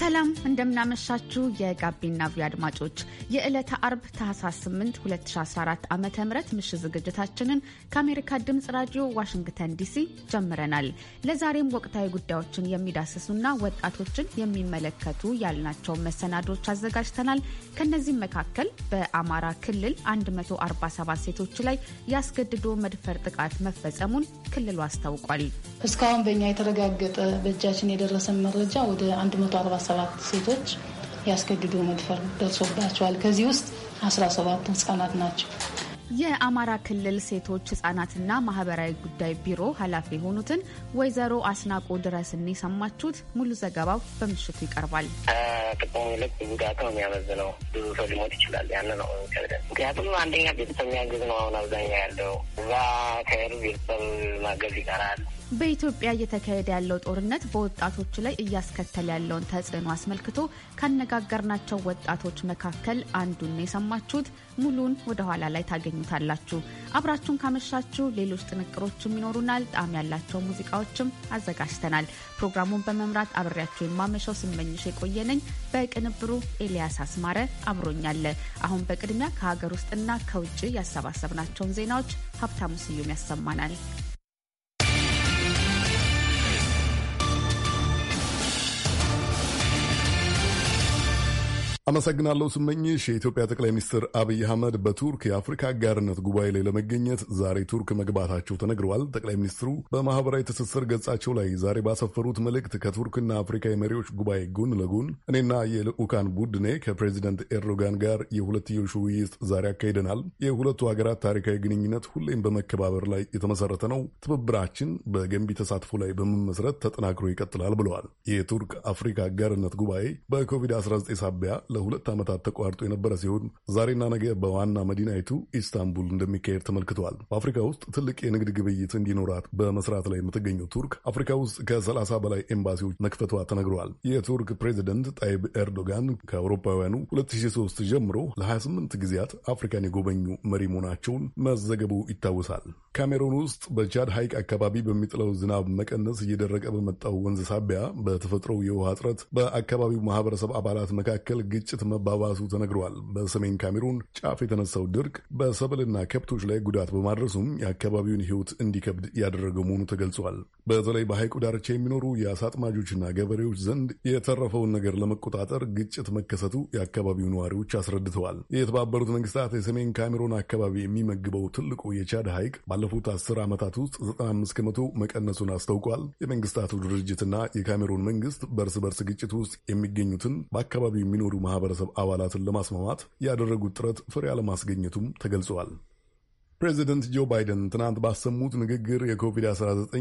ሰላም እንደምናመሻችሁ የጋቢና ቪ አድማጮች የዕለተ አርብ ታህሳስ 8 2014 ዓ ም ምሽት ዝግጅታችንን ከአሜሪካ ድምፅ ራዲዮ ዋሽንግተን ዲሲ ጀምረናል። ለዛሬም ወቅታዊ ጉዳዮችን የሚዳስሱና ወጣቶችን የሚመለከቱ ያልናቸው መሰናዶች አዘጋጅተናል። ከእነዚህም መካከል በአማራ ክልል 147 ሴቶች ላይ ያስገድዶ መድፈር ጥቃት መፈጸሙን ክልሉ አስታውቋል። እስካሁን በኛ የተረጋገጠ በእጃችን የደረሰን መረጃ ወደ 147 ሴቶች ያስገድዶ መድፈር ደርሶባቸዋል። ከዚህ ውስጥ 17 ህጻናት ናቸው። የአማራ ክልል ሴቶች ህጻናትና ማህበራዊ ጉዳይ ቢሮ ኃላፊ የሆኑትን ወይዘሮ አስናቆ ድረስን የሰማችሁት። ሙሉ ዘገባው በምሽቱ ይቀርባል። ከጥቅሙ ይልቅ ጉዳቱ ነው ብዙ ሰው ሊሞት ይችላል። ያን ነው የሚከብደን። ምክንያቱም አንደኛ ቤተሰብ የሚያግዝ ነው አሁን አብዛኛው ያለው እዛ ከሄዱ ቤተሰብ ማገዝ ይቀራል። በኢትዮጵያ እየተካሄደ ያለው ጦርነት በወጣቶች ላይ እያስከተለ ያለውን ተጽዕኖ አስመልክቶ ካነጋገርናቸው ወጣቶች መካከል አንዱን የሰማችሁት። ሙሉን ወደ ኋላ ላይ ታገኙታላችሁ። አብራችሁን ካመሻችሁ ሌሎች ጥንቅሮችም ይኖሩናል። ጣዕም ያላቸው ሙዚቃዎችም አዘጋጅተናል። ፕሮግራሙን በመምራት አብሬያችሁ የማመሻው ስመኝሽ የቆየነኝ፣ በቅንብሩ ኤልያስ አስማረ አብሮኛለ። አሁን በቅድሚያ ከሀገር ውስጥና ከውጭ ያሰባሰብናቸውን ዜናዎች ሀብታሙ ስዩም ያሰማናል። አመሰግናለሁ ስመኝሽ። የኢትዮጵያ ጠቅላይ ሚኒስትር አብይ አህመድ በቱርክ የአፍሪካ አጋርነት ጉባኤ ላይ ለመገኘት ዛሬ ቱርክ መግባታቸው ተነግረዋል። ጠቅላይ ሚኒስትሩ በማህበራዊ ትስስር ገጻቸው ላይ ዛሬ ባሰፈሩት መልእክት ከቱርክና አፍሪካ የመሪዎች ጉባኤ ጎን ለጎን እኔና የልዑካን ቡድኔ ከፕሬዚደንት ኤርዶጋን ጋር የሁለትዮሽ ውይይት ዛሬ አካሂደናል። የሁለቱ ሀገራት ታሪካዊ ግንኙነት ሁሌም በመከባበር ላይ የተመሰረተ ነው። ትብብራችን በገንቢ ተሳትፎ ላይ በመመስረት ተጠናክሮ ይቀጥላል ብለዋል። የቱርክ አፍሪካ አጋርነት ጉባኤ በኮቪድ-19 ሳቢያ ለሁለት ዓመታት ተቋርጦ የነበረ ሲሆን ዛሬና ነገ በዋና መዲናይቱ ኢስታንቡል እንደሚካሄድ ተመልክቷል። በአፍሪካ ውስጥ ትልቅ የንግድ ግብይት እንዲኖራት በመስራት ላይ የምትገኘው ቱርክ አፍሪካ ውስጥ ከ30 በላይ ኤምባሲዎች መክፈቷ ተነግረዋል። የቱርክ ፕሬዚደንት ጣይብ ኤርዶጋን ከአውሮፓውያኑ 2003 ጀምሮ ለ28 ጊዜያት አፍሪካን የጎበኙ መሪ መሆናቸውን መዘገቡ ይታወሳል። ካሜሮን ውስጥ በቻድ ሐይቅ አካባቢ በሚጥለው ዝናብ መቀነስ እየደረቀ በመጣው ወንዝ ሳቢያ በተፈጥሮው የውሃ እጥረት በአካባቢው ማህበረሰብ አባላት መካከል ግጭት መባባሱ ተነግሯል። በሰሜን ካሜሩን ጫፍ የተነሳው ድርቅ በሰብልና ከብቶች ላይ ጉዳት በማድረሱም የአካባቢውን ሕይወት እንዲከብድ ያደረገው መሆኑ ተገልጿል። በተለይ በሐይቁ ዳርቻ የሚኖሩ የአሳ አጥማጆችና ገበሬዎች ዘንድ የተረፈውን ነገር ለመቆጣጠር ግጭት መከሰቱ የአካባቢው ነዋሪዎች አስረድተዋል። የተባበሩት መንግስታት የሰሜን ካሜሩን አካባቢ የሚመግበው ትልቁ የቻድ ሐይቅ ባለፉት አስር ዓመታት ውስጥ 95 ከመቶ መቀነሱን አስታውቋል። የመንግስታቱ ድርጅትና የካሜሩን መንግስት በእርስ በርስ ግጭት ውስጥ የሚገኙትን በአካባቢው የሚኖሩ ማህበረሰብ አባላትን ለማስማማት ያደረጉት ጥረት ፍሬ አለማስገኘቱም ተገልጸዋል። ፕሬዚደንት ጆ ባይደን ትናንት ባሰሙት ንግግር የኮቪድ-19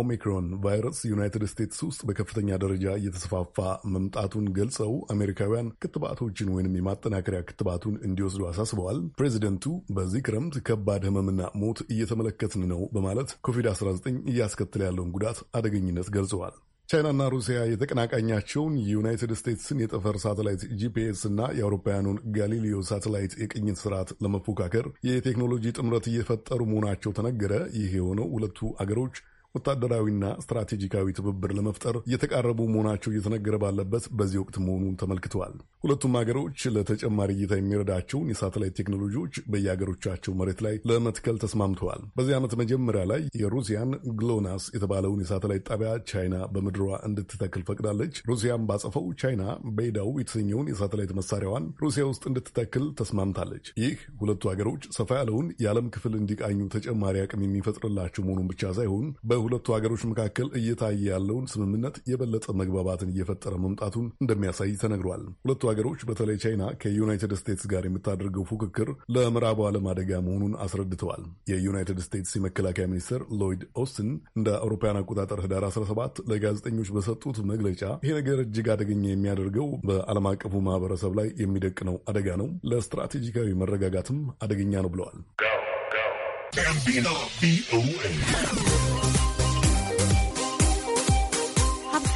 ኦሚክሮን ቫይረስ ዩናይትድ ስቴትስ ውስጥ በከፍተኛ ደረጃ እየተስፋፋ መምጣቱን ገልጸው አሜሪካውያን ክትባቶችን ወይንም የማጠናከሪያ ክትባቱን እንዲወስዱ አሳስበዋል። ፕሬዚደንቱ በዚህ ክረምት ከባድ ህመምና ሞት እየተመለከትን ነው በማለት ኮቪድ-19 እያስከተለ ያለውን ጉዳት አደገኝነት ገልጸዋል። ቻይናና ሩሲያ የተቀናቃኛቸውን የዩናይትድ ስቴትስን የጠፈር ሳተላይት ጂፒኤስ እና የአውሮፓውያኑን ጋሊሊዮ ሳተላይት የቅኝት ስርዓት ለመፎካከር የቴክኖሎጂ ጥምረት እየፈጠሩ መሆናቸው ተነገረ። ይህ የሆነው ሁለቱ አገሮች ወታደራዊና ስትራቴጂካዊ ትብብር ለመፍጠር እየተቃረቡ መሆናቸው እየተነገረ ባለበት በዚህ ወቅት መሆኑን ተመልክተዋል። ሁለቱም ሀገሮች ለተጨማሪ እይታ የሚረዳቸውን የሳተላይት ቴክኖሎጂዎች በየሀገሮቻቸው መሬት ላይ ለመትከል ተስማምተዋል። በዚህ ዓመት መጀመሪያ ላይ የሩሲያን ግሎናስ የተባለውን የሳተላይት ጣቢያ ቻይና በምድሯ እንድትተክል ፈቅዳለች። ሩሲያም ባጸፈው ቻይና በይዳው የተሰኘውን የሳተላይት መሳሪያዋን ሩሲያ ውስጥ እንድትተክል ተስማምታለች። ይህ ሁለቱ ሀገሮች ሰፋ ያለውን የዓለም ክፍል እንዲቃኙ ተጨማሪ አቅም የሚፈጥርላቸው መሆኑን ብቻ ሳይሆን በሁለቱ ሀገሮች መካከል እየታየ ያለውን ስምምነት የበለጠ መግባባትን እየፈጠረ መምጣቱን እንደሚያሳይ ተነግሯል። ሁለቱ ሀገሮች በተለይ ቻይና ከዩናይትድ ስቴትስ ጋር የምታደርገው ፉክክር ለምዕራቡ ዓለም አደጋ መሆኑን አስረድተዋል። የዩናይትድ ስቴትስ የመከላከያ ሚኒስትር ሎይድ ኦስትን እንደ አውሮፓውያን አቆጣጠር ህዳር 17 ለጋዜጠኞች በሰጡት መግለጫ ይሄ ነገር እጅግ አደገኛ የሚያደርገው በዓለም አቀፉ ማህበረሰብ ላይ የሚደቅነው አደጋ ነው፣ ለስትራቴጂካዊ መረጋጋትም አደገኛ ነው ብለዋል።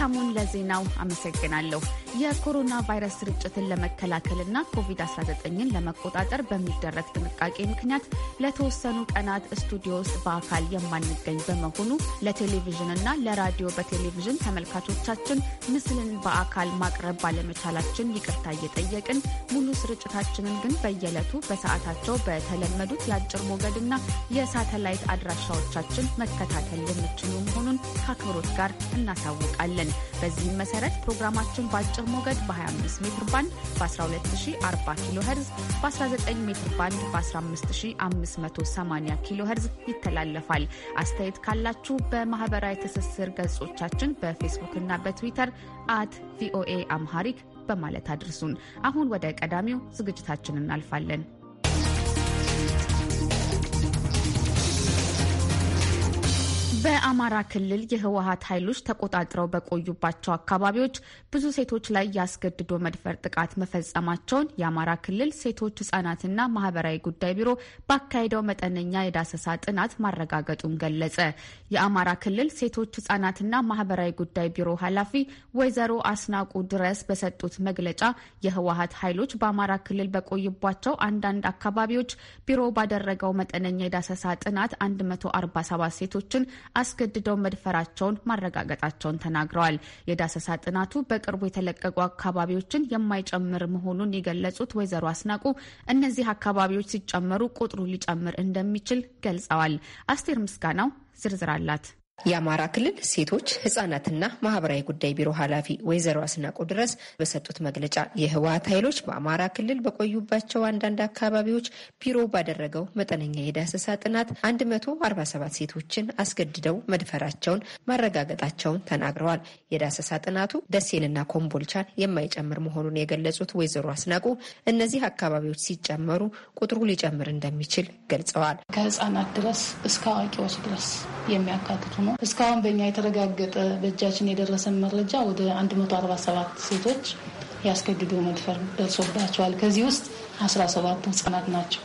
সামনে ለዜናው አመሰግናለሁ። የኮሮና ቫይረስ ስርጭትን ለመከላከልና ኮቪድ-19ን ለመቆጣጠር በሚደረግ ጥንቃቄ ምክንያት ለተወሰኑ ቀናት ስቱዲዮ ውስጥ በአካል የማንገኝ በመሆኑ ለቴሌቪዥንና ለራዲዮ በቴሌቪዥን ተመልካቾቻችን ምስልን በአካል ማቅረብ ባለመቻላችን ይቅርታ እየጠየቅን ሙሉ ስርጭታችንን ግን በየዕለቱ በሰዓታቸው በተለመዱት የአጭር ሞገድና የሳተላይት አድራሻዎቻችን መከታተል የምችሉ መሆኑን ከአክብሮት ጋር እናሳውቃለን። በዚህም መሰረት ፕሮግራማችን በአጭር ሞገድ በ25 ሜትር ባንድ በ 1240 ኪሎ ሄርዝ በ19 ሜትር ባንድ በ15580 ኪሎ ሄርዝ ይተላለፋል። አስተያየት ካላችሁ በማህበራዊ ትስስር ገጾቻችን በፌስቡክ እና በትዊተር አት ቪኦኤ አምሃሪክ በማለት አድርሱን። አሁን ወደ ቀዳሚው ዝግጅታችን እናልፋለን። በአማራ ክልል የህወሀት ኃይሎች ተቆጣጥረው በቆዩባቸው አካባቢዎች ብዙ ሴቶች ላይ ያስገድዶ መድፈር ጥቃት መፈጸማቸውን የአማራ ክልል ሴቶች ህጻናትና ማህበራዊ ጉዳይ ቢሮ ባካሄደው መጠነኛ የዳሰሳ ጥናት ማረጋገጡን ገለጸ። የአማራ ክልል ሴቶች ህጻናትና ማህበራዊ ጉዳይ ቢሮ ኃላፊ ወይዘሮ አስናቁ ድረስ በሰጡት መግለጫ የህወሀት ኃይሎች በአማራ ክልል በቆዩባቸው አንዳንድ አካባቢዎች ቢሮ ባደረገው መጠነኛ የዳሰሳ ጥናት 147 ሴቶችን አስገድደው መድፈራቸውን ማረጋገጣቸውን ተናግረዋል። የዳሰሳ ጥናቱ በቅርቡ የተለቀቁ አካባቢዎችን የማይጨምር መሆኑን የገለጹት ወይዘሮ አስናቁ እነዚህ አካባቢዎች ሲጨመሩ ቁጥሩ ሊጨምር እንደሚችል ገልጸዋል። አስቴር ምስጋናው ዝርዝር አላት። የአማራ ክልል ሴቶች ህጻናትና ማህበራዊ ጉዳይ ቢሮ ኃላፊ ወይዘሮ አስናቆ ድረስ በሰጡት መግለጫ የህወሀት ኃይሎች በአማራ ክልል በቆዩባቸው አንዳንድ አካባቢዎች ቢሮ ባደረገው መጠነኛ የዳሰሳ ጥናት 147 ሴቶችን አስገድደው መድፈራቸውን ማረጋገጣቸውን ተናግረዋል። የዳሰሳ ጥናቱ ደሴንና ኮምቦልቻን የማይጨምር መሆኑን የገለጹት ወይዘሮ አስናቁ እነዚህ አካባቢዎች ሲጨመሩ ቁጥሩ ሊጨምር እንደሚችል ገልጸዋል። ከህጻናት ድረስ እስከ አዋቂዎች ድረስ የሚያካትቱ ደግሞ እስካሁን በኛ የተረጋገጠ በእጃችን የደረሰን መረጃ ወደ 147 ሴቶች ያስገድዶ መድፈር ደርሶባቸዋል። ከዚህ ውስጥ 17 ህጻናት ናቸው።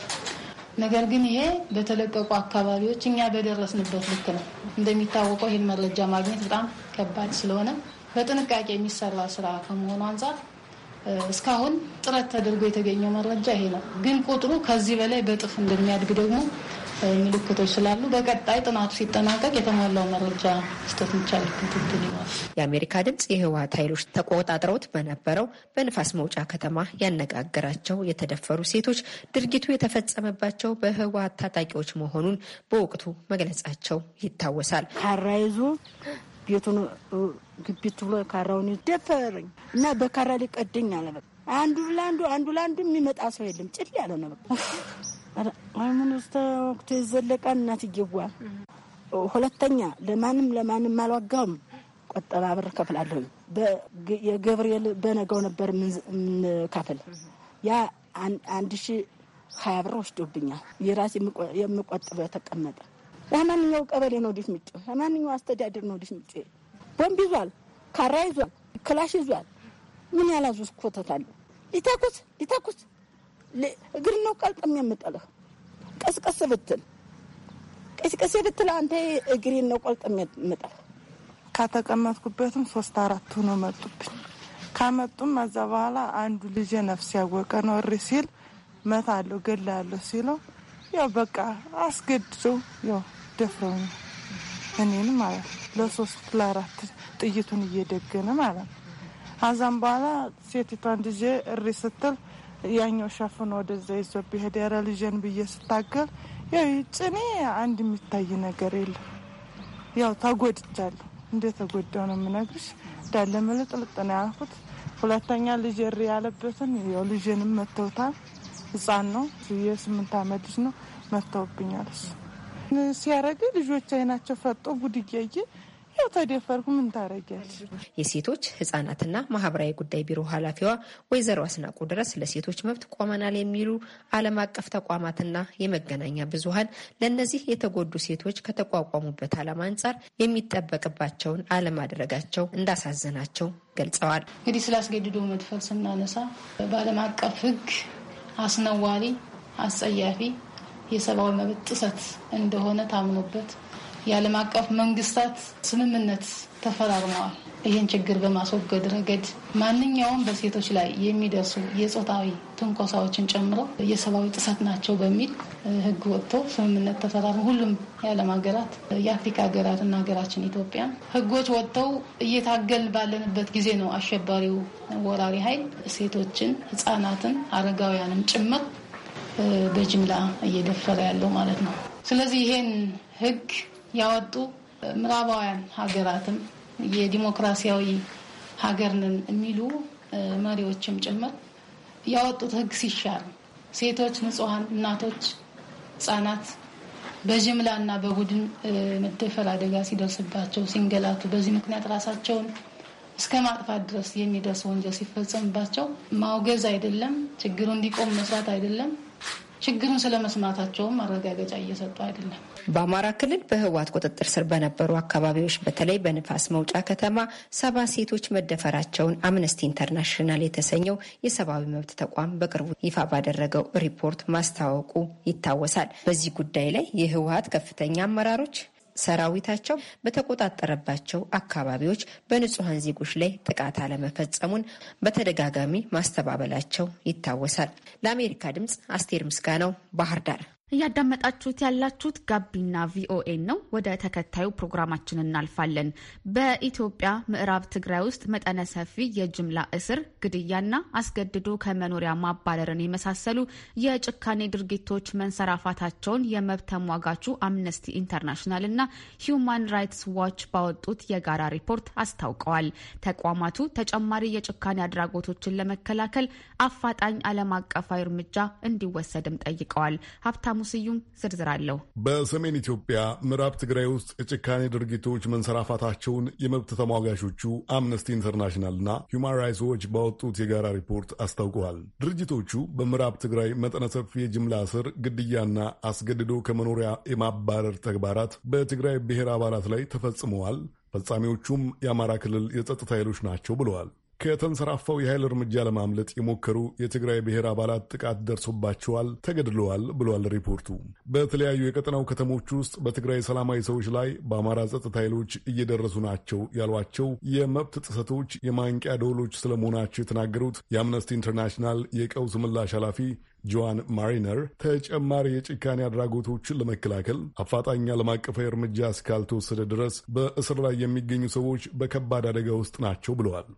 ነገር ግን ይሄ በተለቀቁ አካባቢዎች እኛ በደረስንበት ልክ ነው። እንደሚታወቀው ይህን መረጃ ማግኘት በጣም ከባድ ስለሆነ በጥንቃቄ የሚሰራ ስራ ከመሆኑ አንጻር እስካሁን ጥረት ተደርጎ የተገኘው መረጃ ይሄ ነው። ግን ቁጥሩ ከዚህ በላይ በእጥፍ እንደሚያድግ ደግሞ ምልክቶች ስላሉ በቀጣይ ጥናቱ ሲጠናቀቅ የተሟላው መረጃ መስጠት የሚቻልበት እድል ይኖራል። የአሜሪካ ድምጽ የህወሀት ኃይሎች ተቆጣጥረውት በነበረው በንፋስ መውጫ ከተማ ያነጋገራቸው የተደፈሩ ሴቶች ድርጊቱ የተፈጸመባቸው በህወሀት ታጣቂዎች መሆኑን በወቅቱ መግለጻቸው ይታወሳል። ካራ ይዞ ቤቱን ግቢት ብሎ ካራውን ደፈረኝ እና በካራ ሊቀደኝ አለ። አንዱ ለአንዱ አንዱ ለአንዱ የሚመጣ ሰው የለም። ጭል ያለ ነው በቃ ሃይማኖት ተወቅቶ ሁለተኛ ለማንም ለማንም አልዋጋውም። ቆጠባ ብር ከፍላለሁ። የገብርኤል በነገው ነበር የምንከፍል ያ አንድ ሺ ሀያ ብር ወስዶብኛል። የራሴ የምቆጥበው የተቀመጠ ለማንኛው ቀበሌ ነው ዲፍ ምጭ ለማንኛው አስተዳደር ነው ዲፍ ምጭ ቦምብ ይዟል፣ ካራ ይዟል፣ ክላሽ ይዟል። ምን ያላዙ ኮተት ሊተኩስ ሊተኩስ እግር ነው ቀልጠም የምጠልህ ቀስቀስ ብትል ቀስቀስ ብትል አንተ እግሬን ነው ቆልጠም የምጠልህ። ከተቀመጥኩበትም ሶስት አራት ሆኖ መጡብኝ። ከመጡም እዛ በኋላ አንዱ ልጄ ነፍስ ያወቀ ነው እሪ ሲል መታለሁ ገላለሁ ሲለው ያው በቃ አስገድደው ያው ደፍረው ነው እኔን ማለት ለሶስት ለአራት ጥይቱን እየደገነ ማለት ነው። አዛም በኋላ ሴቲቷን ልጄ እሪ ስትል ያኛው ሸፍኖ ወደዛ ይዞ ብሄድ ያረ ልጄን ብዬ ስታገል ያው ጭኔ አንድ የሚታይ ነገር የለም። ያው ተጎድቻለሁ። እንደ ተጎዳው ነው የምነግርሽ። ዳለ መለጥልጥ ነው ያልኩት። ሁለተኛ ልጅ ሪ ያለበትን ያው ልጄንም መተውታል። ህፃን ነው የስምንት ዓመት ልጅ ነው መተውብኛል። ሲያረግ ልጆች አይናቸው ፈጦ ጉድ እያየ ያው ተደፈርኩ፣ ምን የሴቶች ህጻናትና ማህበራዊ ጉዳይ ቢሮ ኃላፊዋ ወይዘሮ አስናቁ ድረስ ለሴቶች መብት ቆመናል የሚሉ ዓለም አቀፍ ተቋማትና የመገናኛ ብዙሀን ለእነዚህ የተጎዱ ሴቶች ከተቋቋሙበት ዓላማ አንጻር የሚጠበቅባቸውን አለማድረጋቸው እንዳሳዘናቸው ገልጸዋል። እንግዲህ ስላስገድዶ መድፈር ስናነሳ በዓለም አቀፍ ህግ አስነዋሪ፣ አስጸያፊ የሰብአዊ መብት ጥሰት እንደሆነ ታምኖበት የዓለም አቀፍ መንግስታት ስምምነት ተፈራርመዋል። ይህን ችግር በማስወገድ ረገድ ማንኛውም በሴቶች ላይ የሚደርሱ የጾታዊ ትንኮሳዎችን ጨምሮ የሰብአዊ ጥሰት ናቸው በሚል ህግ ወጥቶ ስምምነት ተፈራርሞ ሁሉም የዓለም ሀገራት የአፍሪካ ሀገራት እና ሀገራችን ኢትዮጵያ ህጎች ወጥተው እየታገል ባለንበት ጊዜ ነው አሸባሪው ወራሪ ኃይል ሴቶችን፣ ህጻናትን፣ አረጋውያንም ጭምር በጅምላ እየደፈረ ያለው ማለት ነው። ስለዚህ ይሄን ህግ ያወጡ ምዕራባውያን ሀገራትም የዲሞክራሲያዊ ሀገር ነን የሚሉ መሪዎችም ጭምር ያወጡት ህግ ሲሻር ሴቶች፣ ንጹሐን እናቶች፣ ህጻናት በጅምላ እና በቡድን መደፈር አደጋ ሲደርስባቸው ሲንገላቱ በዚህ ምክንያት ራሳቸውን እስከ ማጥፋት ድረስ የሚደርስ ወንጀል ሲፈጸምባቸው ማውገዝ አይደለም፣ ችግሩ እንዲቆም መስራት አይደለም ችግሩን ስለመስማታቸውም ማረጋገጫ እየሰጡ አይደለም። በአማራ ክልል በህወሓት ቁጥጥር ስር በነበሩ አካባቢዎች በተለይ በንፋስ መውጫ ከተማ ሰባ ሴቶች መደፈራቸውን አምነስቲ ኢንተርናሽናል የተሰኘው የሰብአዊ መብት ተቋም በቅርቡ ይፋ ባደረገው ሪፖርት ማስታወቁ ይታወሳል። በዚህ ጉዳይ ላይ የህወሓት ከፍተኛ አመራሮች ሰራዊታቸው በተቆጣጠረባቸው አካባቢዎች በንጹሐን ዜጎች ላይ ጥቃት አለመፈጸሙን በተደጋጋሚ ማስተባበላቸው ይታወሳል። ለአሜሪካ ድምፅ አስቴር ምስጋናው ባህር ዳር እያዳመጣችሁት ያላችሁት ጋቢና ቪኦኤ ነው። ወደ ተከታዩ ፕሮግራማችን እናልፋለን። በኢትዮጵያ ምዕራብ ትግራይ ውስጥ መጠነ ሰፊ የጅምላ እስር፣ ግድያና አስገድዶ ከመኖሪያ ማባረርን የመሳሰሉ የጭካኔ ድርጊቶች መንሰራፋታቸውን የመብት ተሟጋቹ አምነስቲ ኢንተርናሽናል እና ሂዩማን ራይትስ ዋች ባወጡት የጋራ ሪፖርት አስታውቀዋል። ተቋማቱ ተጨማሪ የጭካኔ አድራጎቶችን ለመከላከል አፋጣኝ ዓለም አቀፋዊ እርምጃ እንዲወሰድም ጠይቀዋል። ሀብታ ሀብታሙ ስዩም ዝርዝር አለው። በሰሜን ኢትዮጵያ ምዕራብ ትግራይ ውስጥ የጭካኔ ድርጊቶች መንሰራፋታቸውን የመብት ተሟጋሾቹ አምነስቲ ኢንተርናሽናልና ሁማን ራይትስ ዎች ባወጡት የጋራ ሪፖርት አስታውቀዋል። ድርጅቶቹ በምዕራብ ትግራይ መጠነ ሰፊ የጅምላ እስር፣ ግድያና አስገድዶ ከመኖሪያ የማባረር ተግባራት በትግራይ ብሔር አባላት ላይ ተፈጽመዋል። ፈጻሚዎቹም የአማራ ክልል የጸጥታ ኃይሎች ናቸው ብለዋል። ከተንሰራፋው የኃይል እርምጃ ለማምለጥ የሞከሩ የትግራይ ብሔር አባላት ጥቃት ደርሶባቸዋል፣ ተገድለዋል ብሏል ሪፖርቱ። በተለያዩ የቀጠናው ከተሞች ውስጥ በትግራይ ሰላማዊ ሰዎች ላይ በአማራ ጸጥታ ኃይሎች እየደረሱ ናቸው ያሏቸው የመብት ጥሰቶች የማንቂያ ደውሎች ስለመሆናቸው የተናገሩት የአምነስቲ ኢንተርናሽናል የቀውስ ምላሽ ኃላፊ ጆዋን ማሪነር ተጨማሪ የጭካኔ አድራጎቶችን ለመከላከል አፋጣኝ ዓለም አቀፋዊ እርምጃ እስካልተወሰደ ድረስ በእስር ላይ የሚገኙ ሰዎች በከባድ አደጋ ውስጥ ናቸው ብለዋል።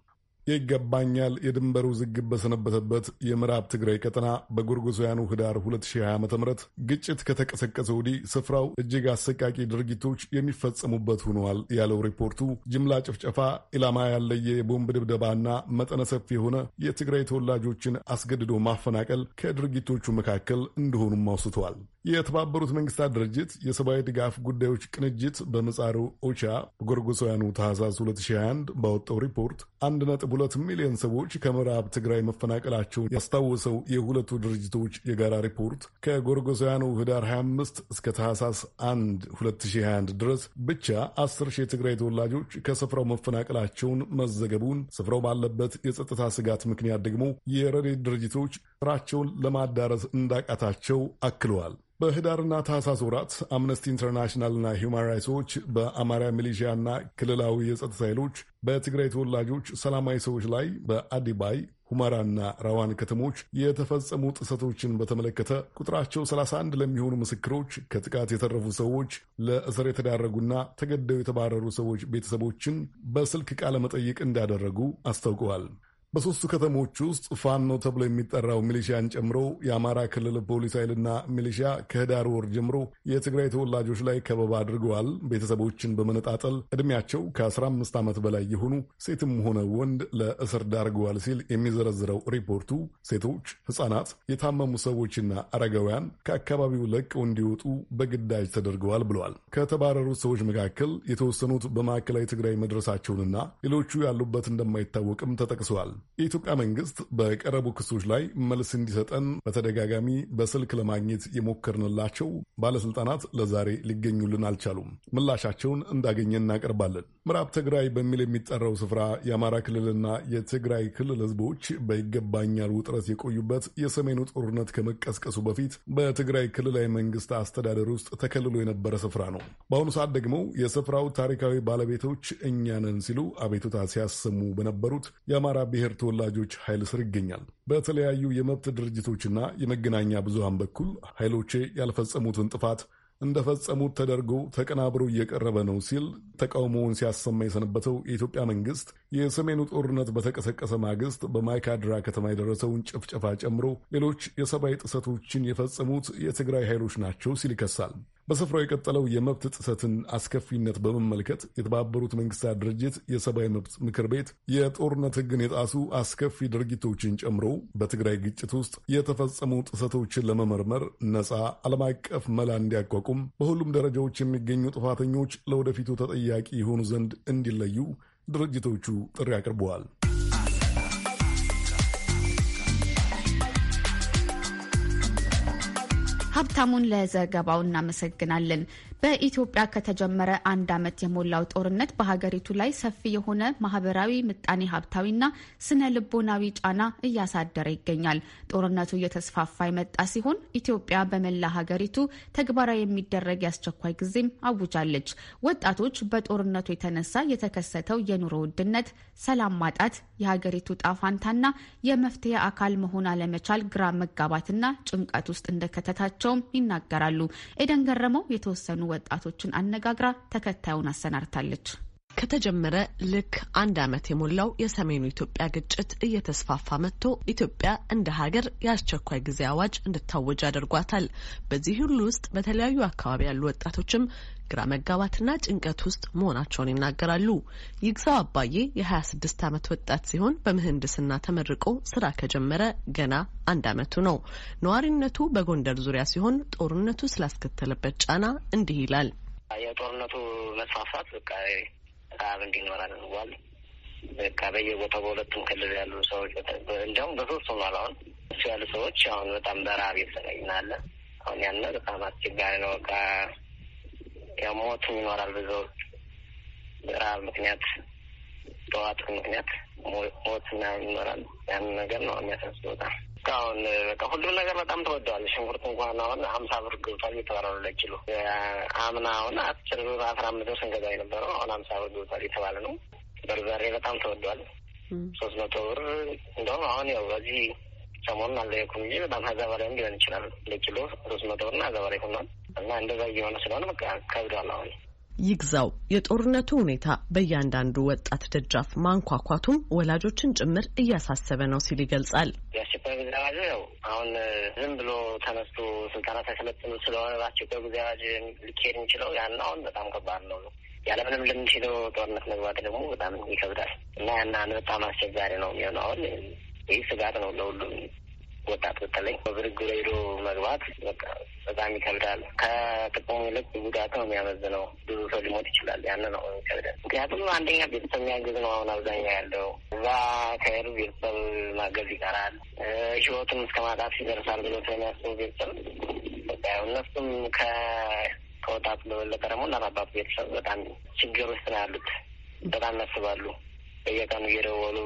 የይገባኛል የድንበር ውዝግብ በሰነበተበት የምዕራብ ትግራይ ቀጠና በጎርጎሳውያኑ ህዳር 2020 ዓ ም ግጭት ከተቀሰቀሰ ወዲህ ስፍራው እጅግ አሰቃቂ ድርጊቶች የሚፈጸሙበት ሆነዋል ያለው ሪፖርቱ ጅምላ ጭፍጨፋ፣ ኢላማ ያለየ የቦምብ ድብደባና መጠነ ሰፊ የሆነ የትግራይ ተወላጆችን አስገድዶ ማፈናቀል ከድርጊቶቹ መካከል እንደሆኑም አውስተዋል። የተባበሩት መንግስታት ድርጅት የሰብአዊ ድጋፍ ጉዳዮች ቅንጅት በምጻሩ ኦቻ በጎርጎሳውያኑ ታህሳስ 2021 ባወጣው ሪፖርት 1.2 ሚሊዮን ሰዎች ከምዕራብ ትግራይ መፈናቀላቸውን ያስታወሰው የሁለቱ ድርጅቶች የጋራ ሪፖርት ከጎርጎሳውያኑ ህዳር 25 እስከ ታህሳስ 1 2021 ድረስ ብቻ 10 ሺህ የትግራይ ተወላጆች ከስፍራው መፈናቀላቸውን መዘገቡን፣ ስፍራው ባለበት የጸጥታ ስጋት ምክንያት ደግሞ የረድኤት ድርጅቶች ስራቸውን ለማዳረስ እንዳቃታቸው አክለዋል። በህዳርና ታህሳስ ወራት አምነስቲ ኢንተርናሽናልና ሂውማን ራይትስ ዎች በአማራ ሚሊሺያና ክልላዊ የጸጥታ ኃይሎች በትግራይ ተወላጆች ሰላማዊ ሰዎች ላይ በአዲባይ ሁመራና ራዋን ከተሞች የተፈጸሙ ጥሰቶችን በተመለከተ ቁጥራቸው 31 ለሚሆኑ ምስክሮች ከጥቃት የተረፉ ሰዎች ለእስር የተዳረጉና ተገደው የተባረሩ ሰዎች ቤተሰቦችን በስልክ ቃለ መጠይቅ እንዳደረጉ አስታውቀዋል። በሦስቱ ከተሞች ውስጥ ፋኖ ተብሎ የሚጠራው ሚሊሺያን ጨምሮ የአማራ ክልል ፖሊስ ኃይልና ሚሊሺያ ከህዳር ወር ጀምሮ የትግራይ ተወላጆች ላይ ከበባ አድርገዋል። ቤተሰቦችን በመነጣጠል ዕድሜያቸው ከ15 ዓመት በላይ የሆኑ ሴትም ሆነ ወንድ ለእስር ዳርገዋል ሲል የሚዘረዝረው ሪፖርቱ ሴቶች፣ ሕፃናት፣ የታመሙ ሰዎችና አረጋውያን ከአካባቢው ለቀው እንዲወጡ በግዳጅ ተደርገዋል ብለዋል። ከተባረሩት ሰዎች መካከል የተወሰኑት በማዕከላዊ ትግራይ መድረሳቸውንና ሌሎቹ ያሉበት እንደማይታወቅም ተጠቅሰዋል። የኢትዮጵያ መንግስት በቀረቡ ክሶች ላይ መልስ እንዲሰጠን በተደጋጋሚ በስልክ ለማግኘት የሞከርንላቸው ባለስልጣናት ለዛሬ ሊገኙልን አልቻሉም። ምላሻቸውን እንዳገኘ እናቀርባለን። ምዕራብ ትግራይ በሚል የሚጠራው ስፍራ የአማራ ክልልና የትግራይ ክልል ህዝቦች በይገባኛል ውጥረት የቆዩበት የሰሜኑ ጦርነት ከመቀስቀሱ በፊት በትግራይ ክልላዊ መንግስት አስተዳደር ውስጥ ተከልሎ የነበረ ስፍራ ነው። በአሁኑ ሰዓት ደግሞ የስፍራው ታሪካዊ ባለቤቶች እኛንን ሲሉ አቤቱታ ሲያሰሙ በነበሩት የአማራ ብሔር የብሔር ተወላጆች ኃይል ስር ይገኛል። በተለያዩ የመብት ድርጅቶችና የመገናኛ ብዙሃን በኩል ኃይሎቼ ያልፈጸሙትን ጥፋት እንደፈጸሙት ተደርጎ ተቀናብሮ እየቀረበ ነው ሲል ተቃውሞውን ሲያሰማ የሰነበተው የኢትዮጵያ መንግስት የሰሜኑ ጦርነት በተቀሰቀሰ ማግስት በማይካድራ ከተማ የደረሰውን ጭፍጨፋ ጨምሮ ሌሎች የሰብአዊ ጥሰቶችን የፈጸሙት የትግራይ ኃይሎች ናቸው ሲል ይከሳል። በስፍራው የቀጠለው የመብት ጥሰትን አስከፊነት በመመልከት የተባበሩት መንግስታት ድርጅት የሰብአዊ መብት ምክር ቤት የጦርነት ህግን የጣሱ አስከፊ ድርጊቶችን ጨምሮ በትግራይ ግጭት ውስጥ የተፈጸሙ ጥሰቶችን ለመመርመር ነፃ ዓለም አቀፍ መላ እንዲያቋቁም በሁሉም ደረጃዎች የሚገኙ ጥፋተኞች ለወደፊቱ ተጠያቂ የሆኑ ዘንድ እንዲለዩ ድርጅቶቹ ጥሪ አቅርበዋል። ሀብታሙን ለዘገባው እናመሰግናለን። በኢትዮጵያ ከተጀመረ አንድ ዓመት የሞላው ጦርነት በሀገሪቱ ላይ ሰፊ የሆነ ማህበራዊ፣ ምጣኔ ሀብታዊና ስነ ልቦናዊ ጫና እያሳደረ ይገኛል። ጦርነቱ እየተስፋፋ የመጣ ሲሆን ኢትዮጵያ በመላ ሀገሪቱ ተግባራዊ የሚደረግ የአስቸኳይ ጊዜም አውጃለች። ወጣቶች በጦርነቱ የተነሳ የተከሰተው የኑሮ ውድነት፣ ሰላም ማጣት፣ የሀገሪቱ ጣፋንታና የመፍትሄ አካል መሆን አለመቻል ግራ መጋባትና ጭንቀት ውስጥ እንደከተታቸው መሆናቸውም ይናገራሉ። ኤደን ገረመው የተወሰኑ ወጣቶችን አነጋግራ ተከታዩን አሰናድታለች። ከተጀመረ ልክ አንድ ዓመት የሞላው የሰሜኑ ኢትዮጵያ ግጭት እየተስፋፋ መጥቶ ኢትዮጵያ እንደ ሀገር የአስቸኳይ ጊዜ አዋጅ እንድታወጅ አድርጓታል። በዚህ ሁሉ ውስጥ በተለያዩ አካባቢ ያሉ ወጣቶችም ግራ መጋባትና ጭንቀት ውስጥ መሆናቸውን ይናገራሉ። ይግዛው አባዬ የ26 ዓመት ወጣት ሲሆን በምህንድስና ተመርቆ ስራ ከጀመረ ገና አንድ ዓመቱ ነው። ነዋሪነቱ በጎንደር ዙሪያ ሲሆን ጦርነቱ ስላስከተለበት ጫና እንዲህ ይላል። የጦርነቱ መስፋፋት በቃ ረሀብ እንዲኖር አድርጓል። በቃ በየቦታው በሁለቱም ክልል ያሉ ሰዎች እንዲሁም በሶስቱም አሁን እሱ ያሉ ሰዎች አሁን በጣም በረሀብ የተሰቃይናለ። አሁን ያነ በጣም አስቸጋሪ ነው። በቃ ያው ሞቱ ይኖራል ብዙዎች በረሀብ ምክንያት ጠዋት ምክንያት ሞት ምናምን ይኖራል። ያን ነገር ነው የሚያሳስበው በጣም አሁን በቃ ሁሉም ነገር በጣም ተወደዋል። ሽንኩርት እንኳን አሁን ሀምሳ ብር ገብቷል የተባለው ለኪሎ። አምና አሁን አስር ብር አስራ አምስት ብር ስንገዛ የነበረው አሁን ሀምሳ ብር ገብቷል የተባለ ነው። በርበሬ በጣም ተወደዋል። ሶስት መቶ ብር እንደውም አሁን ያው በዚህ ሰሞኑን አለየኩም እንጂ በጣም ከዛ በላይም ሊሆን ይችላል። ለኪሎ ሶስት መቶ ብርና ከዛ በላይ ሆኗል እና እንደዛ እየሆነ ስለሆነ በቃ ከብዷል አሁን ይግዛው የጦርነቱ ሁኔታ በእያንዳንዱ ወጣት ደጃፍ ማንኳኳቱም ወላጆችን ጭምር እያሳሰበ ነው ሲል ይገልጻል። የአስቸኳይ ጊዜ አዋጅ ያው አሁን ዝም ብሎ ተነስቶ ስልጠና ሳይሰለጥኑ ስለሆነ በአስቸኳይ ጊዜ አዋጅ ሊካሄድ የሚችለው ያን አሁን በጣም ከባድ ነው ነው ያለምንም ልምድ ጦርነት መግባት ደግሞ በጣም ይከብዳል እና ያን በጣም አስቸጋሪ ነው የሚሆነው አሁን ይህ ስጋት ነው ለሁሉም ወጣት በተለይ በብርግር መግባት በጣም ይከብዳል። ከጥቅሙ ይልቅ ጉዳት ነው የሚያመዝነው። ብዙ ሰው ሊሞት ይችላል። ያን ነው ይከብዳል። ምክንያቱም አንደኛ ቤተሰብ የሚያግዝ ነው አሁን አብዛኛው ያለው እዛ ከሄዱ ቤተሰብ ማገዝ ይቀራል። ህይወቱን እስከ ማጣት ይደርሳል ብሎ ስለሚያስቡ ቤተሰብ እነሱም ከወጣት በበለጠ ደግሞ እናት ቤተሰብ በጣም ችግር ውስጥ ነው ያሉት። በጣም ያስባሉ። በየቀኑ እየደወሉ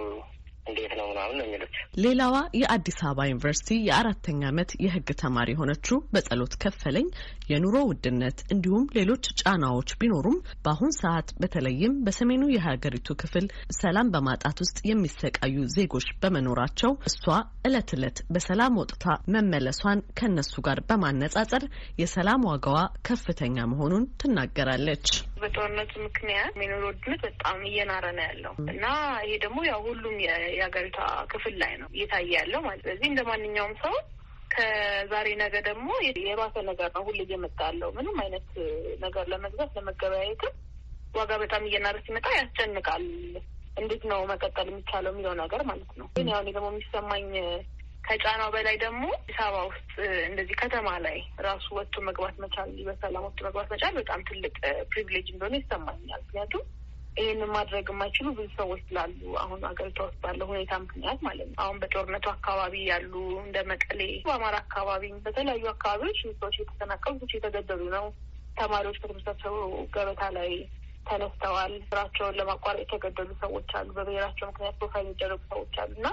እንዴት ነው ምናምን ነው የሚሉት። ሌላዋ የአዲስ አበባ ዩኒቨርሲቲ የአራተኛ ዓመት የህግ ተማሪ የሆነችው በጸሎት ከፈለኝ የኑሮ ውድነት እንዲሁም ሌሎች ጫናዎች ቢኖሩም በአሁን ሰዓት በተለይም በሰሜኑ የሀገሪቱ ክፍል ሰላም በማጣት ውስጥ የሚሰቃዩ ዜጎች በመኖራቸው እሷ እለት እለት በሰላም ወጥታ መመለሷን ከነሱ ጋር በማነጻጸር የሰላም ዋጋዋ ከፍተኛ መሆኑን ትናገራለች። በጦርነቱ ምክንያት የኑሮ ውድነት በጣም እየናረ ነው ያለው እና ይሄ ደግሞ ያው ሁሉም የሀገሪቷ ክፍል ላይ ነው እየታየ ያለው ማለት ስለዚህ እንደ ማንኛውም ሰው ከዛሬ ነገ ደግሞ የባሰ ነገር ነው ሁሉ እየመጣ ያለው። ምንም አይነት ነገር ለመግዛት ለመገበያየትም ዋጋ በጣም እየናረ ሲመጣ ያስጨንቃል። እንዴት ነው መቀጠል የሚቻለው የሚለው ነገር ማለት ነው። ግን ያው እኔ ደግሞ የሚሰማኝ ከጫናው በላይ ደግሞ አዲስ አበባ ውስጥ እንደዚህ ከተማ ላይ ራሱ ወጥቶ መግባት መቻል በሰላም ወጥቶ መግባት መቻል በጣም ትልቅ ፕሪቪሌጅ እንደሆነ ይሰማኛል። ምክንያቱም ይህንን ማድረግ የማይችሉ ብዙ ሰዎች ስላሉ አሁን አገሪቷ ውስጥ ባለው ሁኔታ ምክንያት ማለት ነው። አሁን በጦርነቱ አካባቢ ያሉ እንደ መቀሌ፣ በአማራ አካባቢ፣ በተለያዩ አካባቢዎች ሰዎች የተፈናቀሉ ብዙ የተገደሉ ነው። ተማሪዎች ከተመሳሰሩ ገበታ ላይ ተነስተዋል። ስራቸውን ለማቋረጥ የተገደሉ ሰዎች አሉ። በብሔራቸው ምክንያት ፕሮፋይል የሚደረጉ ሰዎች አሉ እና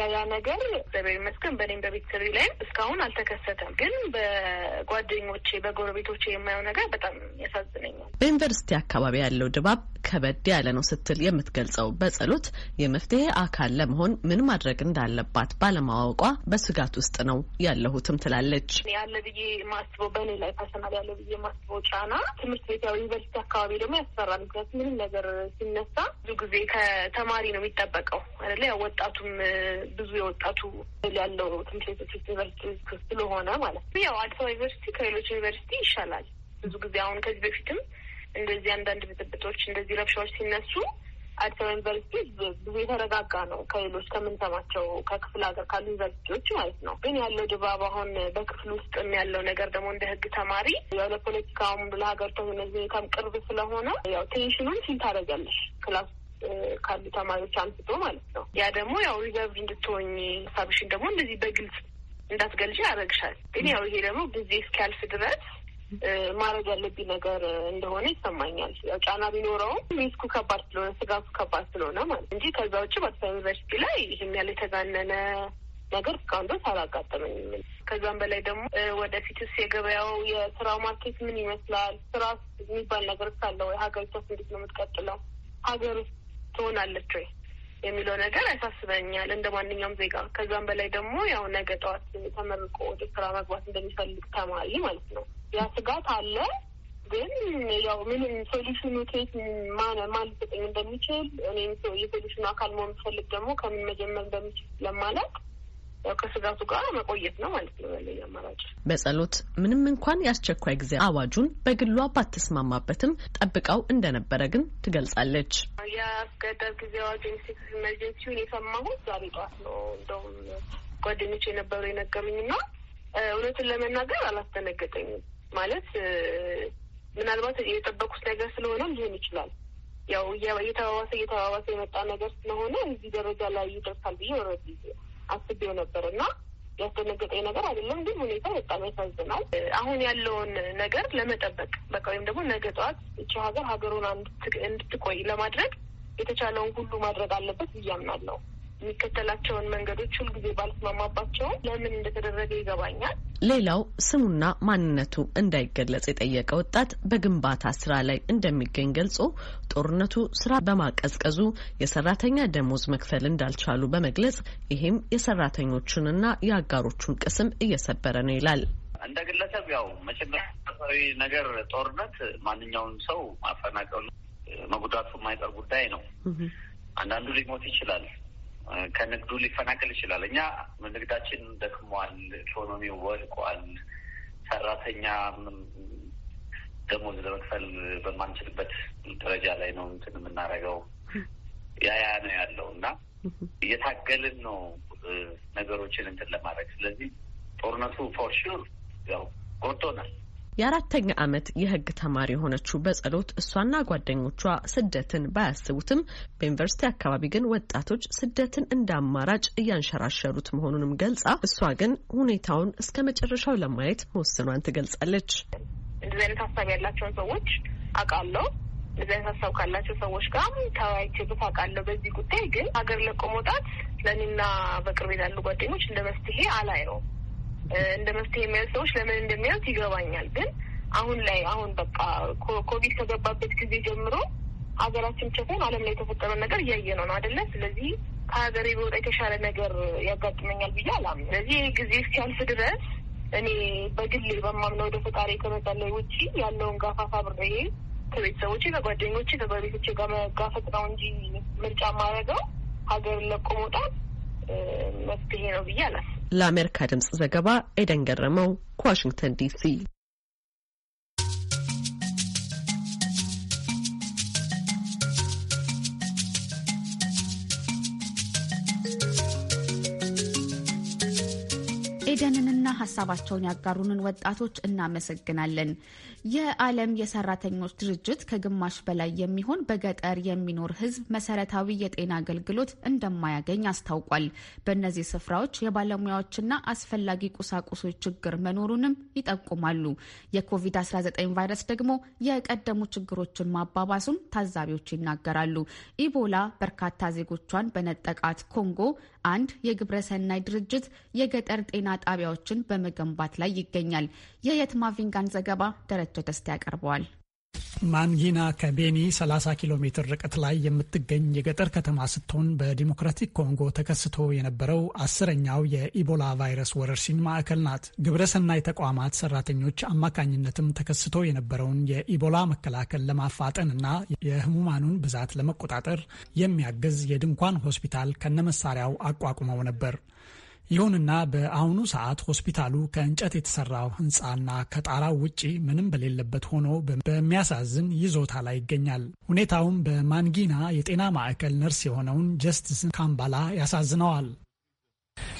ያ ያ ነገር እግዚአብሔር ይመስገን በእኔም በቤተሰቤ ላይም እስካሁን አልተከሰተም። ግን በጓደኞቼ በጎረቤቶቼ የማየው ነገር በጣም ያሳዝነኛል። በዩኒቨርሲቲ አካባቢ ያለው ድባብ ከበድ ያለ ነው ስትል የምትገልጸው በጸሎት የመፍትሄ አካል ለመሆን ምን ማድረግ እንዳለባት ባለማወቋ በስጋት ውስጥ ነው ያለሁትም ትላለች። ያለ ብዬ ማስበው በእኔ ላይ ፐርሰናል ያለ ብዬ ማስበው ጫና ትምህርት ቤት ያው ዩኒቨርሲቲ አካባቢ ደግሞ ያስፈራል። ምክንያቱም ምንም ነገር ሲነሳ ብዙ ጊዜ ከተማሪ ነው የሚጠበቀው አይደለ? ያው ወጣቱም ብዙ የወጣቱ ያለው ትምህርት ቤቶች ዩኒቨርሲቲ ስለሆነ ማለት ነው። ያው አዲስ አበባ ዩኒቨርሲቲ ከሌሎች ዩኒቨርሲቲ ይሻላል ብዙ ጊዜ አሁን ከዚህ በፊትም እንደዚህ አንዳንድ ብጥብጦች፣ እንደዚህ ረብሻዎች ሲነሱ አዲስ አበባ ዩኒቨርሲቲ ብዙ የተረጋጋ ነው ከሌሎች ከምንሰማቸው ከክፍል ሀገር ካሉ ዩኒቨርሲቲዎች ማለት ነው። ግን ያለው ድባብ አሁን በክፍል ውስጥም ያለው ነገር ደግሞ እንደ ህግ ተማሪ ያው ለፖለቲካውም ለሀገሪቷ ሁኔታም ቅርብ ስለሆነ ያው ቴንሽኑን ፊል ታደርጊያለሽ ክላስ ካሉ ተማሪዎች አንስቶ ማለት ነው። ያ ደግሞ ያው ሪዘርቭ እንድትሆኝ ሀሳብሽን ደግሞ እንደዚህ በግልጽ እንዳትገልጪ ያደርግሻል። ግን ያው ይሄ ደግሞ ጊዜ እስኪያልፍ ድረስ ማድረግ ያለብኝ ነገር እንደሆነ ይሰማኛል። ጫና ቢኖረውም ሚስኩ ከባድ ስለሆነ፣ ስጋቱ ከባድ ስለሆነ ማለት እንጂ ከዛ ውጭ በአዲስ ዩኒቨርሲቲ ላይ ይህም ያለ የተጋነነ ነገር እስካሁን ድረስ አላጋጠመኝም። ከዛም በላይ ደግሞ ወደፊትስ የገበያው የስራው ማርኬት ምን ይመስላል፣ ስራ የሚባል ነገር ካለ ወይ፣ ሀገሪቷ እንዴት ነው የምትቀጥለው፣ ሀገር ውስጥ ትሆናለች ወይ የሚለው ነገር ያሳስበኛል እንደ ማንኛውም ዜጋ። ከዛም በላይ ደግሞ ያው ነገ ጠዋት ተመርቆ ወደ ስራ መግባት እንደሚፈልግ ተማሪ ማለት ነው ያ ስጋት አለ። ግን ያው ምንም ሶሉሽኑ ኬት ማን ማልጠጠኝ እንደሚችል እኔም የሶሉሽኑ አካል መሆን ፈልግ ደግሞ ከምን መጀመር እንደሚችል ስለማላውቅ ከስጋቱ ጋር መቆየት ነው ማለት ነው ያለኝ አማራጭ። በጸሎት ምንም እንኳን የአስቸኳይ ጊዜ አዋጁን በግሏ ባትስማማበትም ጠብቀው እንደነበረ ግን ትገልጻለች። የአስገደር ጊዜ አዋጅ ኢንስቲትዩት ኢመርጀንሲውን የሰማሁት ዛሬ ጠዋት ነው። እንደውም ጓደኞች የነበረው የነገሩኝ እና እውነቱን ለመናገር አላስደነገጠኝም ማለት ምናልባት የጠበቁት ነገር ስለሆነ ሊሆን ይችላል። ያው እየተባባሰ እየተባባሰ የመጣ ነገር ስለሆነ እዚህ ደረጃ ላይ ይደርሳል ብዬ ወረ አስቤው ነበር እና ያስደነገጠኝ ነገር አይደለም፣ ግን ሁኔታ በጣም ያሳዝናል። አሁን ያለውን ነገር ለመጠበቅ በቃ ወይም ደግሞ ነገ ጠዋት እቺ ሀገር ሀገሩን እንድትቆይ ለማድረግ የተቻለውን ሁሉ ማድረግ አለበት ብዬ አምናለሁ። የሚከተላቸውን መንገዶች ሁልጊዜ ባልስማማባቸውም ለምን እንደተደረገ ይገባኛል። ሌላው ስሙና ማንነቱ እንዳይገለጽ የጠየቀ ወጣት በግንባታ ስራ ላይ እንደሚገኝ ገልጾ ጦርነቱ ስራ በማቀዝቀዙ የሰራተኛ ደሞዝ መክፈል እንዳልቻሉ በመግለጽ ይህም የሰራተኞቹንና የአጋሮቹን ቅስም እየሰበረ ነው ይላል። እንደ ግለሰብ ያው መቼም ነገር ጦርነት ማንኛውም ሰው ማፈናቀሉ መጉዳቱ የማይቀር ጉዳይ ነው። አንዳንዱ ሊሞት ይችላል። ከንግዱ ሊፈናቀል ይችላል። እኛ ንግዳችን ደክሟል፣ ኢኮኖሚው ወድቋል፣ ሰራተኛ ደሞዝ ለመክፈል በማንችልበት ደረጃ ላይ ነው እንትን የምናደርገው። ያ ያ ነው ያለው እና እየታገልን ነው ነገሮችን እንትን ለማድረግ። ስለዚህ ጦርነቱ ፎርሹር ያው ጎድቶናል። የአራተኛ ዓመት የህግ ተማሪ የሆነችው በጸሎት እሷና ጓደኞቿ ስደትን ባያስቡትም በዩኒቨርሲቲ አካባቢ ግን ወጣቶች ስደትን እንደ አማራጭ እያንሸራሸሩት መሆኑንም ገልጻ እሷ ግን ሁኔታውን እስከ መጨረሻው ለማየት መወሰኗን ትገልጻለች። እንደዚህ አይነት ሀሳብ ያላቸውን ሰዎች አውቃለሁ። እንደዚህ አይነት ሀሳብ ካላቸው ሰዎች ጋር ተወያይቼበት አውቃለሁ። በዚህ ጉዳይ ግን ሀገር ለቆ መውጣት ለእኔና በቅርቤ ላሉ ጓደኞች እንደ መፍትሄ አላይ ነው እንደ መፍትሄ የሚያዩት ሰዎች ለምን እንደሚያዩት ይገባኛል። ግን አሁን ላይ አሁን በቃ ኮቪድ ከገባበት ጊዜ ጀምሮ ሀገራችን ብቻ ሳይሆን ዓለም ላይ የተፈጠረ ነገር እያየ ነው ነው አደለ? ስለዚህ ከሀገሬ በወጣ የተሻለ ነገር ያጋጥመኛል ብዬ አላምንም። ስለዚህ ይህ ጊዜ እስኪያልፍ ድረስ እኔ በግሌ በማምነው ወደ ፈጣሪ ከመጣለ ውጪ ያለውን ጋፋፋ ብሬ ከቤተሰቦቼ ከጓደኞቼ ከጎረቤቶቼ ጋር መጋፈጥ ነው እንጂ ምርጫ ማድረገው ሀገርን ለቆ መውጣት መፍትሄ ነው ብዬ አላስብም። ለአሜሪካ ድምጽ ዘገባ ኤደን ገረመው ከዋሽንግተን ዲሲ። ኤደንን እና ሀሳባቸውን ያጋሩንን ወጣቶች እናመሰግናለን። የዓለም የሰራተኞች ድርጅት ከግማሽ በላይ የሚሆን በገጠር የሚኖር ሕዝብ መሰረታዊ የጤና አገልግሎት እንደማያገኝ አስታውቋል። በእነዚህ ስፍራዎች የባለሙያዎችና አስፈላጊ ቁሳቁሶች ችግር መኖሩንም ይጠቁማሉ። የኮቪድ-19 ቫይረስ ደግሞ የቀደሙ ችግሮችን ማባባሱን ታዛቢዎች ይናገራሉ። ኢቦላ በርካታ ዜጎቿን በነጠቃት ኮንጎ አንድ የግብረሰናይ ድርጅት የገጠር ጤና ጣቢያዎችን ጣቢያዎችን በመገንባት ላይ ይገኛል። የየትማቪንጋን ዘገባ ደረጀ ደስታ ያቀርበዋል። ማንጊና ከቤኒ 30 ኪሎ ሜትር ርቀት ላይ የምትገኝ የገጠር ከተማ ስትሆን በዲሞክራቲክ ኮንጎ ተከስቶ የነበረው አስረኛው የኢቦላ ቫይረስ ወረርሽኝ ማዕከል ናት። ግብረሰናይ ተቋማት ሰራተኞች አማካኝነትም ተከስቶ የነበረውን የኢቦላ መከላከል ለማፋጠን እና የህሙማኑን ብዛት ለመቆጣጠር የሚያግዝ የድንኳን ሆስፒታል ከነመሳሪያው አቋቁመው ነበር። ይሁንና በአሁኑ ሰዓት ሆስፒታሉ ከእንጨት የተሰራው ህንፃና ከጣራው ውጪ ምንም በሌለበት ሆኖ በሚያሳዝን ይዞታ ላይ ይገኛል። ሁኔታውም በማንጊና የጤና ማዕከል ነርስ የሆነውን ጀስትስ ካምባላ ያሳዝነዋል።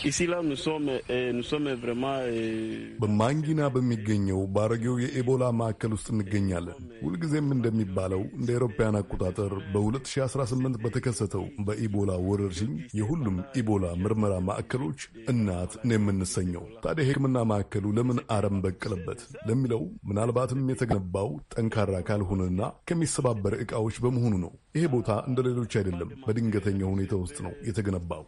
Eh, eh, በማንጊና በሚገኘው በአረጌው የኢቦላ ማዕከል ውስጥ እንገኛለን። ሁልጊዜም እንደሚባለው እንደ አውሮፓውያን አቆጣጠር በ2018 በተከሰተው በኢቦላ ወረርሽኝ የሁሉም ኢቦላ ምርመራ ማዕከሎች እናት ነው የምንሰኘው። ታዲያ ሕክምና ማዕከሉ ለምን አረም በቀለበት ለሚለው ምናልባትም የተገነባው ጠንካራ ካልሆነና ከሚሰባበር ዕቃዎች በመሆኑ ነው። ይሄ ቦታ እንደ ሌሎች አይደለም። በድንገተኛ ሁኔታ ውስጥ ነው የተገነባው።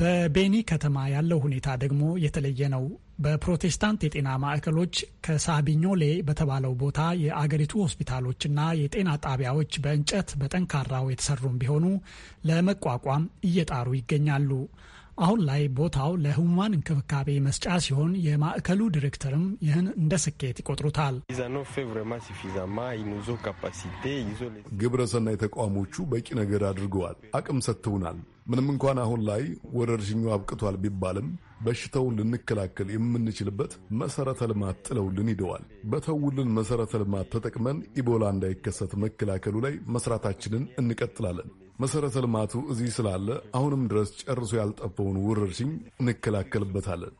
በቤኒ ከተማ ያለው ሁኔታ ደግሞ የተለየ ነው። በፕሮቴስታንት የጤና ማዕከሎች ከሳቢኞሌ በተባለው ቦታ የአገሪቱ ሆስፒታሎችና የጤና ጣቢያዎች በእንጨት በጠንካራው የተሰሩም ቢሆኑ ለመቋቋም እየጣሩ ይገኛሉ። አሁን ላይ ቦታው ለህሙማን እንክብካቤ መስጫ ሲሆን የማዕከሉ ዲሬክተርም ይህን እንደ ስኬት ይቆጥሩታል። ግብረ ተቋሞቹ በቂ ነገር አድርገዋል፣ አቅም ሰጥተውናል። ምንም እንኳን አሁን ላይ ወረርሽኙ አብቅቷል ቢባልም በሽታውን ልንከላከል የምንችልበት መሠረተ ልማት ጥለውልን ሂደዋል። በተውልን መሠረተ ልማት ተጠቅመን ኢቦላ እንዳይከሰት መከላከሉ ላይ መስራታችንን እንቀጥላለን። መሠረተ ልማቱ እዚህ ስላለ አሁንም ድረስ ጨርሶ ያልጠፋውን ወረርሽኝ እንከላከልበታለን።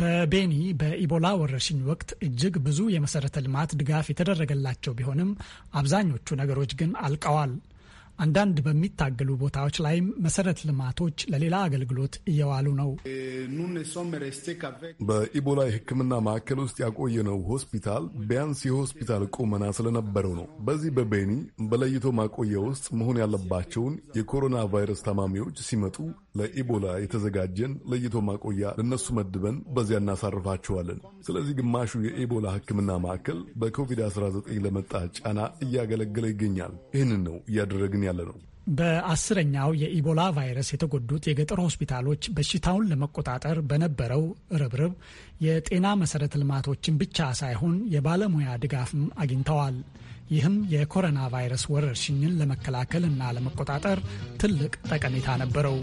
በቤኒ በኢቦላ ወረርሽኝ ወቅት እጅግ ብዙ የመሠረተ ልማት ድጋፍ የተደረገላቸው ቢሆንም አብዛኞቹ ነገሮች ግን አልቀዋል። አንዳንድ በሚታገሉ ቦታዎች ላይም መሰረት ልማቶች ለሌላ አገልግሎት እየዋሉ ነው። በኢቦላ የሕክምና ማዕከል ውስጥ ያቆየነው ሆስፒታል ቢያንስ የሆስፒታል ቁመና ስለነበረው ነው። በዚህ በቤኒ በለይቶ ማቆያ ውስጥ መሆን ያለባቸውን የኮሮና ቫይረስ ታማሚዎች ሲመጡ ለኢቦላ የተዘጋጀን ለይቶ ማቆያ ለነሱ መድበን በዚያ እናሳርፋቸዋለን። ስለዚህ ግማሹ የኢቦላ ሕክምና ማዕከል በኮቪድ-19 ለመጣ ጫና እያገለገለ ይገኛል። ይህንን ነው እያደረግን ያለ ነው። በአስረኛው የኢቦላ ቫይረስ የተጎዱት የገጠር ሆስፒታሎች በሽታውን ለመቆጣጠር በነበረው ርብርብ የጤና መሰረተ ልማቶችን ብቻ ሳይሆን የባለሙያ ድጋፍም አግኝተዋል። ይህም የኮሮና ቫይረስ ወረርሽኝን ለመከላከል እና ለመቆጣጠር ትልቅ ጠቀሜታ ነበረው።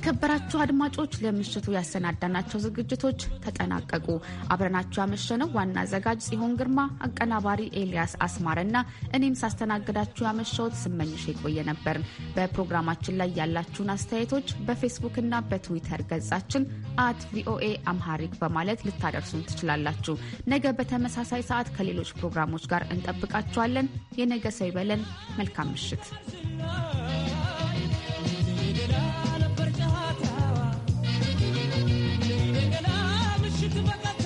የተከበራችሁ አድማጮች ለምሽቱ ያሰናዳናቸው ዝግጅቶች ተጠናቀቁ። አብረናችሁ ያመሸነው ዋና አዘጋጅ ጽሆን ግርማ፣ አቀናባሪ ኤልያስ አስማረና እኔም ሳስተናግዳችሁ ያመሸሁት ስመኝሽ የቆየ ነበር። በፕሮግራማችን ላይ ያላችሁን አስተያየቶች በፌስቡክና በትዊተር ገጻችን አት ቪኦኤ አምሃሪክ በማለት ልታደርሱን ትችላላችሁ። ነገ በተመሳሳይ ሰዓት ከሌሎች ፕሮግራሞች ጋር እንጠብቃችኋለን። የነገ ሰው ይበለን። መልካም ምሽት። Thank you.